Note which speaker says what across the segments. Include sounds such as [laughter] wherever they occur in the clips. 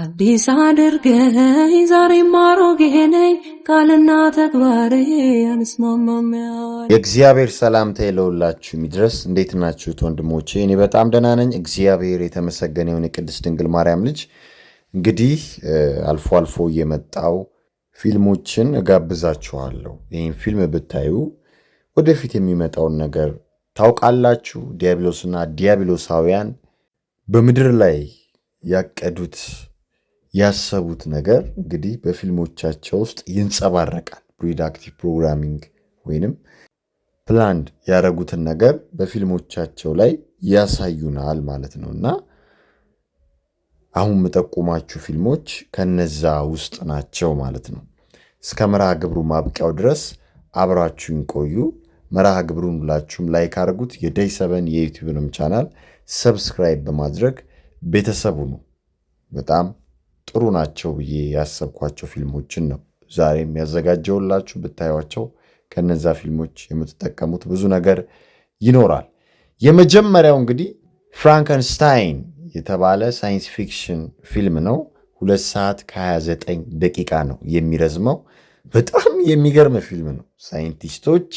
Speaker 1: አዲስ አድርገኝ ዛሬም ነኝ፣ ቃልና ተግባሬ አንስማማም።
Speaker 2: የእግዚአብሔር ሰላምታ ይለውላችሁ የሚድረስ እንዴት ናችሁት ወንድሞቼ? እኔ በጣም ደህና ነኝ፣ እግዚአብሔር የተመሰገነ የሆነ የቅድስት ድንግል ማርያም ልጅ። እንግዲህ አልፎ አልፎ እየመጣው ፊልሞችን እጋብዛችኋለሁ። ይህን ፊልም ብታዩ ወደፊት የሚመጣውን ነገር ታውቃላችሁ። ዲያብሎስና ዲያብሎሳውያን በምድር ላይ ያቀዱት ያሰቡት ነገር እንግዲህ በፊልሞቻቸው ውስጥ ይንጸባረቃል። ብሪድ ፕሮግራሚንግ ወይንም ፕላንድ ያደረጉትን ነገር በፊልሞቻቸው ላይ ያሳዩናል ማለት ነው እና አሁን የምጠቁማችሁ ፊልሞች ከነዛ ውስጥ ናቸው ማለት ነው። እስከ መርሃ ግብሩ ማብቂያው ድረስ አብራችሁ ቆዩ። መርሃ ግብሩን ሁላችሁም ላይክ አድርጉት። የደይ ሰበን የዩቲዩብንም ቻናል ሰብስክራይብ በማድረግ ቤተሰቡ ነው በጣም ጥሩ ናቸው ብዬ ያሰብኳቸው ፊልሞችን ነው ዛሬም ያዘጋጀሁላችሁ። ብታዩቸው ከነዛ ፊልሞች የምትጠቀሙት ብዙ ነገር ይኖራል። የመጀመሪያው እንግዲህ ፍራንከንስታይን የተባለ ሳይንስ ፊክሽን ፊልም ነው። ሁለት ሰዓት ከ29 ደቂቃ ነው የሚረዝመው። በጣም የሚገርም ፊልም ነው። ሳይንቲስቶች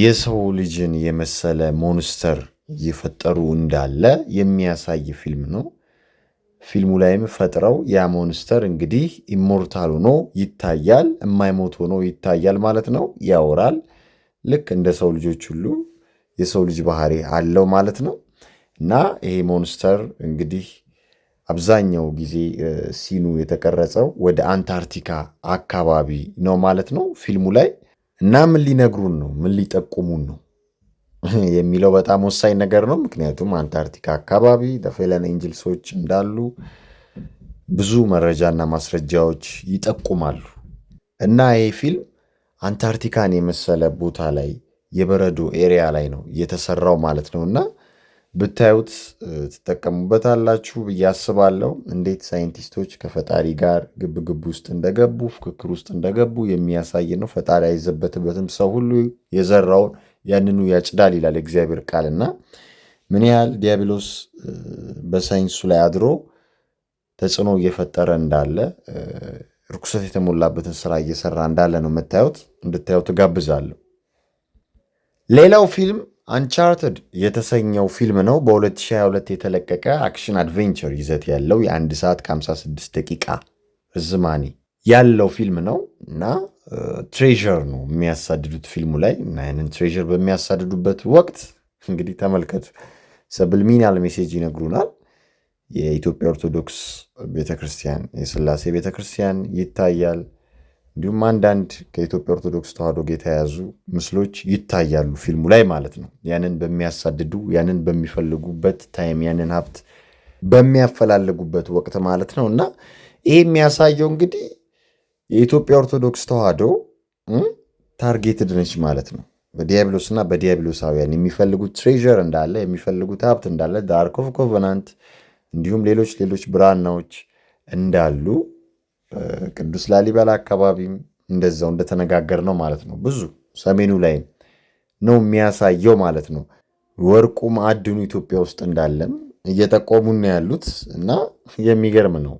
Speaker 2: የሰው ልጅን የመሰለ ሞንስተር እየፈጠሩ እንዳለ የሚያሳይ ፊልም ነው። ፊልሙ ላይም ፈጥረው ያ ሞንስተር እንግዲህ ኢሞርታል ሆኖ ይታያል፣ የማይሞት ሆኖ ይታያል ማለት ነው። ያወራል፣ ልክ እንደ ሰው ልጆች ሁሉ የሰው ልጅ ባህሪ አለው ማለት ነው። እና ይሄ ሞንስተር እንግዲህ አብዛኛው ጊዜ ሲኑ የተቀረጸው ወደ አንታርክቲካ አካባቢ ነው ማለት ነው ፊልሙ ላይ እና ምን ሊነግሩን ነው? ምን ሊጠቁሙን ነው? [laughs] የሚለው በጣም ወሳኝ ነገር ነው። ምክንያቱም አንታርክቲካ አካባቢ ደፌለን ኤንጅልሶች እንዳሉ ብዙ መረጃና ማስረጃዎች ይጠቁማሉ። እና ይሄ ፊልም አንታርክቲካን የመሰለ ቦታ ላይ የበረዶ ኤሪያ ላይ ነው የተሰራው ማለት ነው እና ብታዩት ትጠቀሙበታላችሁ ብዬ አስባለሁ። እንዴት ሳይንቲስቶች ከፈጣሪ ጋር ግብግብ ውስጥ እንደገቡ፣ ፍክክር ውስጥ እንደገቡ የሚያሳይ ነው። ፈጣሪ አይዘበትበትም። ሰው ሁሉ የዘራውን ያንኑ ያጭዳል ይላል እግዚአብሔር ቃል እና ምን ያህል ዲያብሎስ በሳይንሱ ላይ አድሮ ተጽዕኖ እየፈጠረ እንዳለ ርኩሰት የተሞላበትን ስራ እየሰራ እንዳለ ነው የምታዩት። እንድታዩት እጋብዛለሁ። ሌላው ፊልም አንቻርትድ የተሰኘው ፊልም ነው። በ2022 የተለቀቀ አክሽን አድቬንቸር ይዘት ያለው የአንድ ሰዓት ከ56 ደቂቃ ርዝማኔ ያለው ፊልም ነው እና ትሬዠር ነው የሚያሳድዱት ፊልሙ ላይ እና ያንን በሚያሳድዱበት ወቅት እንግዲህ ተመልከት፣ ሰብልሚናል ሜሴጅ ይነግሩናል። የኢትዮጵያ ኦርቶዶክስ ቤተክርስቲያን የስላሴ ቤተክርስቲያን ይታያል። እንዲሁም አንዳንድ ከኢትዮጵያ ኦርቶዶክስ ተዋሕዶ ጋር የተያያዙ ምስሎች ይታያሉ ፊልሙ ላይ ማለት ነው። ያንን በሚያሳድዱ ያንን በሚፈልጉበት ታይም ያንን ሀብት በሚያፈላልጉበት ወቅት ማለት ነው እና ይሄ የሚያሳየው እንግዲህ የኢትዮጵያ ኦርቶዶክስ ተዋህዶ ታርጌትድ ነች ማለት ነው። በዲያብሎስ እና በዲያብሎሳውያን የሚፈልጉት ትሬር እንዳለ የሚፈልጉት ሀብት እንዳለ ዳርክ ኦፍ ኮቨናንት እንዲሁም ሌሎች ሌሎች ብራናዎች እንዳሉ ቅዱስ ላሊበላ አካባቢም እንደዛው እንደተነጋገር ነው ማለት ነው። ብዙ ሰሜኑ ላይም ነው የሚያሳየው ማለት ነው። ወርቁ ማዕድኑ ኢትዮጵያ ውስጥ እንዳለም እየጠቆሙን ነው ያሉት እና የሚገርም ነው።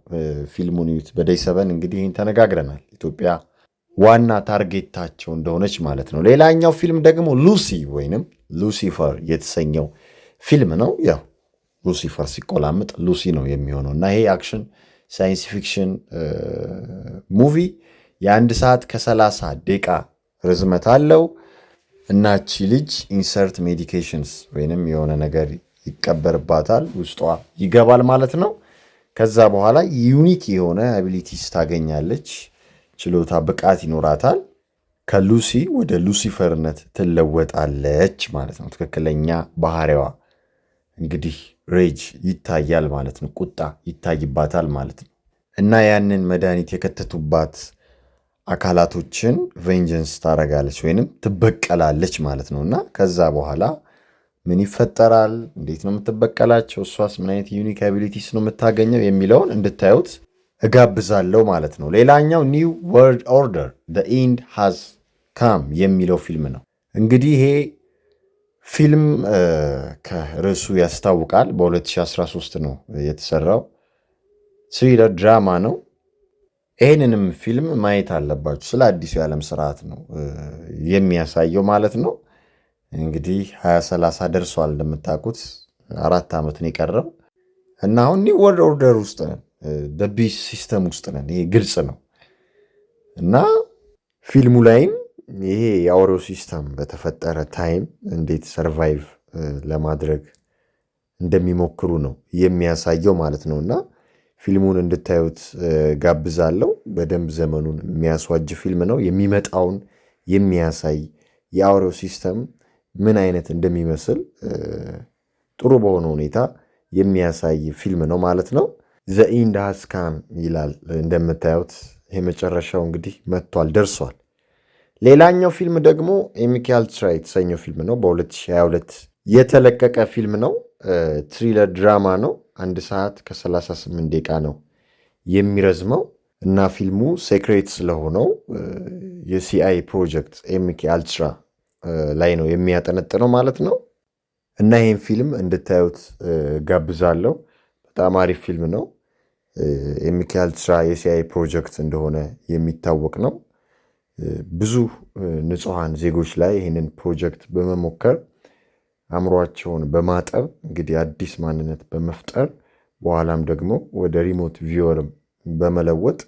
Speaker 2: ፊልሙን ዩት በደይ ሰበን እንግዲህ ይህን ተነጋግረናል። ኢትዮጵያ ዋና ታርጌታቸው እንደሆነች ማለት ነው። ሌላኛው ፊልም ደግሞ ሉሲ ወይንም ሉሲፈር የተሰኘው ፊልም ነው። ያው ሉሲፈር ሲቆላምጥ ሉሲ ነው የሚሆነው እና ይሄ አክሽን ሳይንስ ፊክሽን ሙቪ የአንድ ሰዓት ከሰላሳ ደቂቃ ርዝመት አለው። እናቺ ልጅ ኢንሰርት ሜዲኬሽንስ ወይንም የሆነ ነገር ይቀበርባታል፣ ውስጧ ይገባል ማለት ነው። ከዛ በኋላ ዩኒክ የሆነ አቢሊቲስ ታገኛለች። ችሎታ፣ ብቃት ይኖራታል። ከሉሲ ወደ ሉሲፈርነት ትለወጣለች ማለት ነው። ትክክለኛ ባህሪዋ እንግዲህ ሬጅ ይታያል ማለት ነው። ቁጣ ይታይባታል ማለት ነው እና ያንን መድኃኒት የከተቱባት አካላቶችን ቬንጀንስ ታደርጋለች ወይንም ትበቀላለች ማለት ነው እና ከዛ በኋላ ምን ይፈጠራል? እንዴት ነው የምትበቀላቸው? እሷስ ምን አይነት ዩኒክ አቢሊቲስ ነው የምታገኘው የሚለውን እንድታዩት እጋብዛለሁ ማለት ነው። ሌላኛው ኒው ወርልድ ኦርደር ዘ ኢንድ ሃዝ ካም የሚለው ፊልም ነው። እንግዲህ ይሄ ፊልም ከርዕሱ ያስታውቃል። በ2013 ነው የተሰራው። ስሪለር ድራማ ነው። ይህንንም ፊልም ማየት አለባችሁ። ስለ አዲሱ የዓለም ስርዓት ነው የሚያሳየው ማለት ነው። እንግዲህ 20 30 ደርሷል እንደምታውቁት አራት ዓመት ነው የቀረው እና አሁን ኒው ወርልድ ኦርደር ውስጥ ነን፣ በቢስ ሲስተም ውስጥ ነን። ይሄ ግልጽ ነው እና ፊልሙ ላይም ይሄ የአውሬው ሲስተም በተፈጠረ ታይም እንዴት ሰርቫይቭ ለማድረግ እንደሚሞክሩ ነው የሚያሳየው ማለት ነው እና ፊልሙን እንድታዩት ጋብዛለው። በደንብ ዘመኑን የሚያስዋጅ ፊልም ነው። የሚመጣውን የሚያሳይ የአውሬው ሲስተም ምን አይነት እንደሚመስል ጥሩ በሆነ ሁኔታ የሚያሳይ ፊልም ነው ማለት ነው። ዘ ኢንድ ሃዝ ካም ይላል። እንደምታዩት የመጨረሻው እንግዲህ መጥቷል፣ ደርሷል። ሌላኛው ፊልም ደግሞ የሚካኤል ትራ የተሰኘው ፊልም ነው። በ2022 የተለቀቀ ፊልም ነው። ትሪለር ድራማ ነው። አንድ ሰዓት ከ38 ደቂቃ ነው የሚረዝመው እና ፊልሙ ሴክሬት ስለሆነው የሲአይ ፕሮጀክት ኤምኬ አልትራ ላይ ነው የሚያጠነጥነው ማለት ነው። እና ይህን ፊልም እንድታዩት ጋብዛለሁ። በጣም አሪፍ ፊልም ነው። የሚካኤል ስራ የሲአይ ፕሮጀክት እንደሆነ የሚታወቅ ነው። ብዙ ንጹሐን ዜጎች ላይ ይህንን ፕሮጀክት በመሞከር አእምሯቸውን በማጠብ እንግዲህ አዲስ ማንነት በመፍጠር በኋላም ደግሞ ወደ ሪሞት ቪወርም በመለወጥ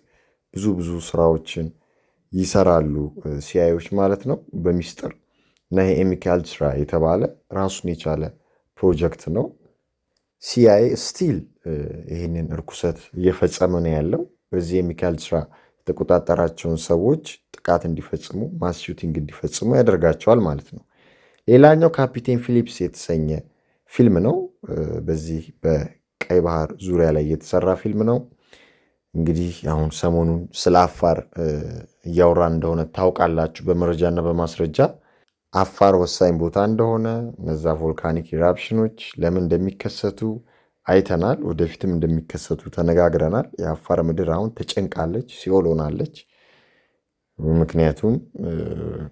Speaker 2: ብዙ ብዙ ስራዎችን ይሰራሉ ሲአይዎች ማለት ነው በሚስጥር ናሂኤም ካልችራ የተባለ ራሱን የቻለ ፕሮጀክት ነው። ሲአይኤ ስቲል ይህንን እርኩሰት እየፈጸመ ነው ያለው። በዚህ የካልችራ የተቆጣጠራቸውን ሰዎች ጥቃት እንዲፈጽሙ ማስ ሹቲንግ እንዲፈጽሙ ያደርጋቸዋል ማለት ነው። ሌላኛው ካፒቴን ፊሊፕስ የተሰኘ ፊልም ነው። በዚህ በቀይ ባህር ዙሪያ ላይ የተሰራ ፊልም ነው። እንግዲህ አሁን ሰሞኑን ስለ አፋር እያወራን እንደሆነ ታውቃላችሁ በመረጃና በማስረጃ አፋር ወሳኝ ቦታ እንደሆነ እነዛ ቮልካኒክ ኢራፕሽኖች ለምን እንደሚከሰቱ አይተናል። ወደፊትም እንደሚከሰቱ ተነጋግረናል። የአፋር ምድር አሁን ተጨንቃለች፣ ሲኦል ሆናለች። ምክንያቱም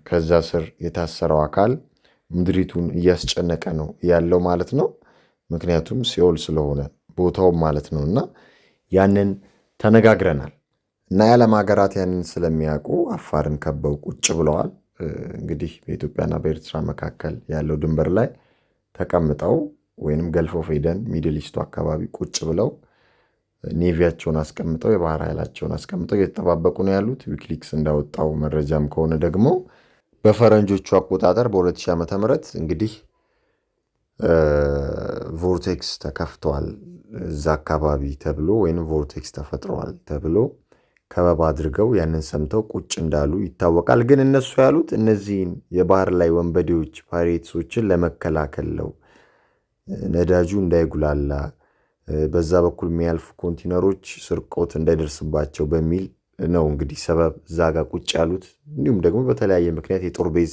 Speaker 2: ከዛ ስር የታሰረው አካል ምድሪቱን እያስጨነቀ ነው ያለው ማለት ነው። ምክንያቱም ሲኦል ስለሆነ ቦታውም ማለት ነው እና ያንን ተነጋግረናል እና የዓለም ሀገራት ያንን ስለሚያውቁ አፋርን ከበው ቁጭ ብለዋል። እንግዲህ በኢትዮጵያና በኤርትራ መካከል ያለው ድንበር ላይ ተቀምጠው ወይንም ገልፎ ፌደን ሚድል ኢስቱ አካባቢ ቁጭ ብለው ኔቪያቸውን አስቀምጠው የባህር ኃይላቸውን አስቀምጠው እየተጠባበቁ ነው ያሉት። ዊኪሊክስ እንዳወጣው መረጃም ከሆነ ደግሞ በፈረንጆቹ አቆጣጠር በ2000 ዓ ም እንግዲህ ቮርቴክስ ተከፍተዋል እዛ አካባቢ ተብሎ ወይም ቮርቴክስ ተፈጥረዋል ተብሎ ከበባ አድርገው ያንን ሰምተው ቁጭ እንዳሉ ይታወቃል። ግን እነሱ ያሉት እነዚህን የባህር ላይ ወንበዴዎች ፓይሬትሶችን ለመከላከል ነው። ነዳጁ እንዳይጉላላ፣ በዛ በኩል የሚያልፉ ኮንቲነሮች ስርቆት እንዳይደርስባቸው በሚል ነው እንግዲህ ሰበብ እዛ ጋር ቁጭ ያሉት። እንዲሁም ደግሞ በተለያየ ምክንያት የጦር ቤዝ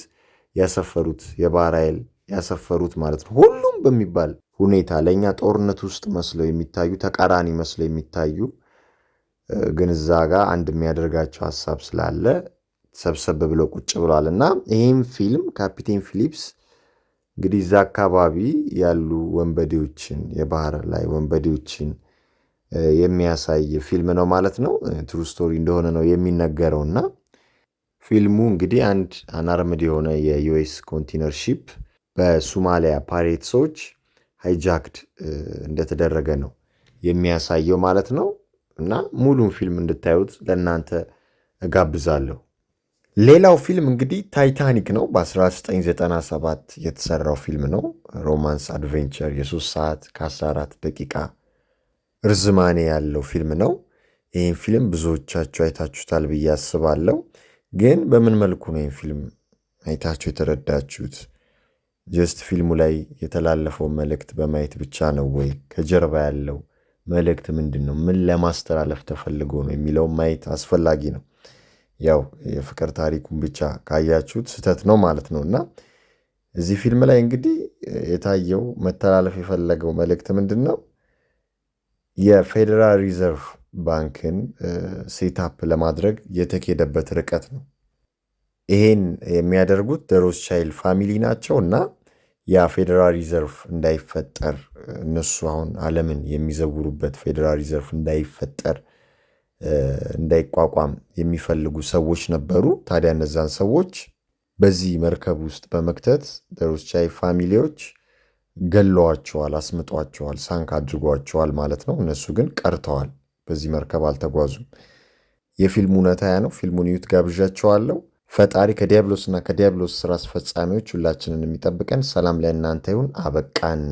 Speaker 2: ያሰፈሩት የባህር ኃይል ያሰፈሩት ማለት ነው። ሁሉም በሚባል ሁኔታ ለእኛ ጦርነት ውስጥ መስለው የሚታዩ ተቃራኒ መስለው የሚታዩ ግን እዛ ጋር አንድ የሚያደርጋቸው ሀሳብ ስላለ ሰብሰብ ብሎ ቁጭ ብሏል እና ይህም ፊልም ካፒቴን ፊሊፕስ እንግዲህ እዛ አካባቢ ያሉ ወንበዴዎችን የባህር ላይ ወንበዴዎችን የሚያሳይ ፊልም ነው ማለት ነው። ትሩ ስቶሪ እንደሆነ ነው የሚነገረው እና ፊልሙ እንግዲህ አንድ አናርምድ የሆነ የዩኤስ ኮንቴነር ሺፕ በሱማሊያ ሰዎች ሃይጃክድ እንደተደረገ ነው የሚያሳየው ማለት ነው። እና ሙሉን ፊልም እንድታዩት ለእናንተ እጋብዛለሁ። ሌላው ፊልም እንግዲህ ታይታኒክ ነው። በ1997 የተሰራው ፊልም ነው። ሮማንስ አድቬንቸር የሶስት ሰዓት ከ14 ደቂቃ እርዝማኔ ያለው ፊልም ነው። ይህን ፊልም ብዙዎቻችሁ አይታችሁታል ብዬ አስባለሁ። ግን በምን መልኩ ነው ይህን ፊልም አይታችሁ የተረዳችሁት? ጀስት ፊልሙ ላይ የተላለፈው መልእክት በማየት ብቻ ነው ወይ ከጀርባ ያለው መልእክት ምንድን ነው? ምን ለማስተላለፍ ተፈልጎ ነው የሚለውን ማየት አስፈላጊ ነው። ያው የፍቅር ታሪኩን ብቻ ካያችሁት ስህተት ነው ማለት ነው። እና እዚህ ፊልም ላይ እንግዲህ የታየው መተላለፍ የፈለገው መልእክት ምንድን ነው? የፌዴራል ሪዘርቭ ባንክን ሴታፕ ለማድረግ የተኬደበት ርቀት ነው። ይሄን የሚያደርጉት ደሮስ ቻይልድ ፋሚሊ ናቸው እና ፌዴራል ሪዘርቭ እንዳይፈጠር እነሱ አሁን ዓለምን የሚዘውሩበት ፌዴራል ሪዘርቭ እንዳይፈጠር እንዳይቋቋም የሚፈልጉ ሰዎች ነበሩ። ታዲያ እነዛን ሰዎች በዚህ መርከብ ውስጥ በመክተት ደሮስቻይ ፋሚሊዎች ገለዋቸዋል፣ አስምጧቸዋል፣ ሳንክ አድርጓቸዋል ማለት ነው። እነሱ ግን ቀርተዋል፣ በዚህ መርከብ አልተጓዙም። የፊልሙ እውነታ ያ ነው። ፊልሙን ዩት ጋብዣቸዋለሁ። ፈጣሪ ከዲያብሎስና ከዲያብሎስ ስራ አስፈጻሚዎች ሁላችንን የሚጠብቀን ሰላም ለእናንተ ይሁን። አበቃን።